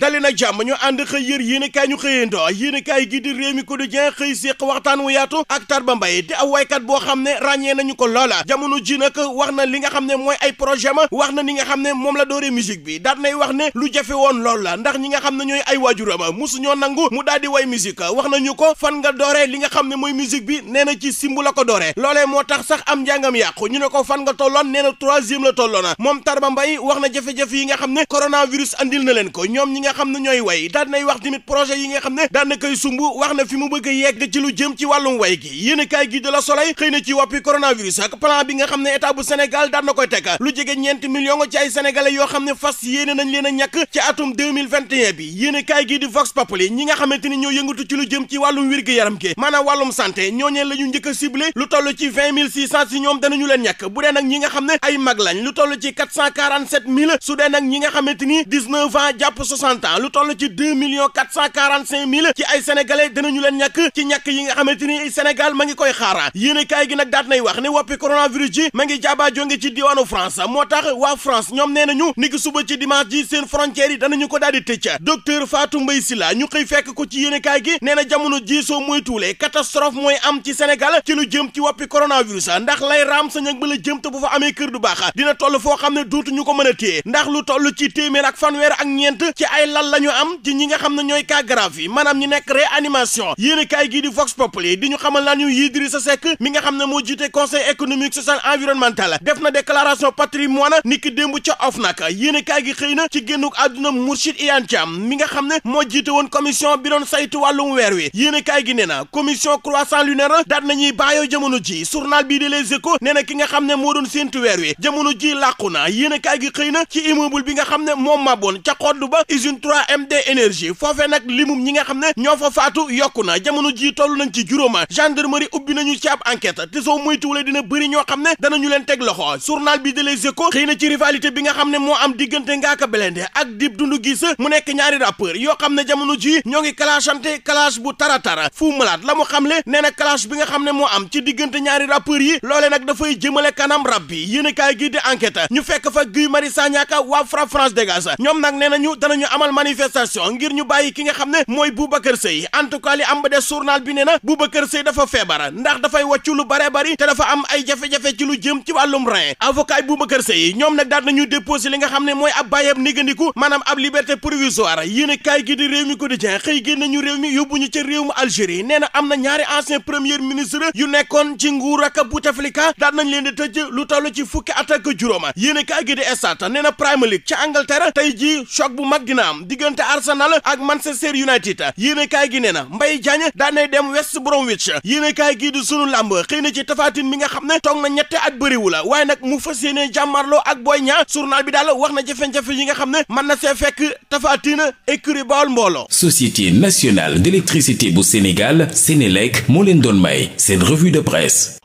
dali nag jàmm ñu ànd xëy yër yéenekaay ñu xëyandoo yéenekaay gi di réew mi quotidien xëy séq waxtaan wu yaatu ak Tarba Mbaye di ab waykat boo xam ne ràññee nañu ko loola jamono ji nag wax na li nga xam ne mooy ay projet ma wax na ni nga xam ne moom la doore musique bi daat nay wax ne lu jafe woon lool la ndax ñi nga xam ne ñooy ay waajurama musu ñoo nangu mu daal di way musique wax nañu ko fan nga dooree li nga xam ne mooy musique bi nee na ci simbu la ko dooree loolee moo tax sax am njàngam yàqu ñu ne ko fan nga tolloon nee na troisième la tolloona moom Tarba Mbaye wax na jafe-jafe nga xam ne coronavirus andil na leen ko ñoom ñi xam ne ñooy way daan nay wax tamit projet yi nga xam ne daan na koy sumb wax na fi mu bëgg yegg ci lu jëm ci wàllum way gi yéen kaay gi de la Soleil xëy na ci woppi coronavirus ak plan bi nga xam ne état bu Sénégal daan na koy teg lu jege ñeenti million ci ay sénégalais yoo xam ne fas yéene nañ leen a ci atum 2021 bi yéen kaay gi di Vox Populi ñi nga xamante ni ñoo yëngatu ci lu jëm ci wàllum wér gi yaram gi maanaam wàllum santé ñooñee la ñu njëkk a ciblé lu toll ci 20 600 si ñoom danañu leen ñàkk bu dee nag ñi nga xam ne ay mag lañ lu toll ci 447 000 su dee nag ñi nga xamante ni 19 ans jàpp 40 ans lu toll ci 2 millions 445 mille ci moo tax waa France ñoom nee nañu ni suba ci dimanche ji seen frontières yi danañu ko daal di tëcc docteur Fatou Mbaye Sylla ñu xëy fekk ko ci yéene gi nee jamono ji soo muy tuulee mooy am ci Sénégal ci lu jëm ci woppi coronavirus ndax lay raam sa ñag ba la jëm bu fa amee kër du baax dina toll foo xam ne dootuñu ko mën a ndax lu toll ci téeméer ak fanweer ak ñeent ci ay ay lal la ñu am ci ñi nga xam ne ñooy cas grave yi maanaam ñu nekk réanimation yéen kaay gii di Vox Populi di ñu xamal laan ñu Idrissa Seck mi nga xam ne moo jiite conseil économique social environnemental def na déclaration patrimoine ni démb ca OFNAC yéen kaay gi xëy na ci génnuk àdduna Mourchid Iyane Thiam mi nga xam ne moo jiite woon commission bi doon saytu wàllum weer wi yéen kaay gi nee na commission croissant lunaire daat nañuy bàyyoo jamono ji moo doon séentu weer wi bi nga xam ne moom màbboon usine 3MD énergie foofee nag limum ñi nga xam ne ñoo fa faatu yokku na jamono ji toll nañ ci juróoma gendarmerie ubbi nañu ci ab enquête te soo moytuwulee dina bëri ñoo xam ne danañu leen teg loxo journal bi de Les Échos xëy na ci rivalité bi nga xam ne moo am diggante Ngaaka Blindé ak Dip Doundou Guiss mu nekk ñaari rappeur yoo xam ne jamono ji ñoo ngi clashante clash bu taratara Fou Malade la mu xamle nee na clash bi nga xam ne moo am ci diggante ñaari rappeur yi loole nag dafay jëmale kanam rab bi yéen a kaay gii di enquête ñu fekk fa Guy Marius Sagna ak waa nag nee nañu danañu am amal manifestation ngir ñu bàyyi ki nga xam ne mooy Boubacar Seye en tout cas li am ba des lu bare bari te dafa ay jafe-jafe ci lu jëm ci wàllum rein avocat yi Boubacar Seye ñoom nag daal nañu déposé li nga xam mooy ab bàyyam négandiku maanaam ab liberté provisoire yéen a di réew mi quotidien xëy génn nañu réew mi yóbbu ñu ca réew mu Algérie nee na am na ñaari ancien premier ministre yu nekkoon ci nguur ak Bouteflika daal nañ leen di tëj lu toll ci fukki at ak juróoma yéen a kaay gi di Stades nee na League ca Angleterre tey jii choc bu mag dina am diggante Arsenal ak Manchester United yéene kaay gi nee na Mbaye Diagne daan dem West Bromwich yéene kaay gii di sunu làmb xëy na ci tafaatin mi nga xam ne toog na ñette at bëriwu waaye nag mu fas yéene jàmmarloo ak Boy Niang journal bi daal wax na jafe-jafe yi nga xam ne man na see fekk tafaatina écurie Bawol mbooloo Société nationale d'électricité bu Sénégal Sénélec moo leen doon may seen revue de presse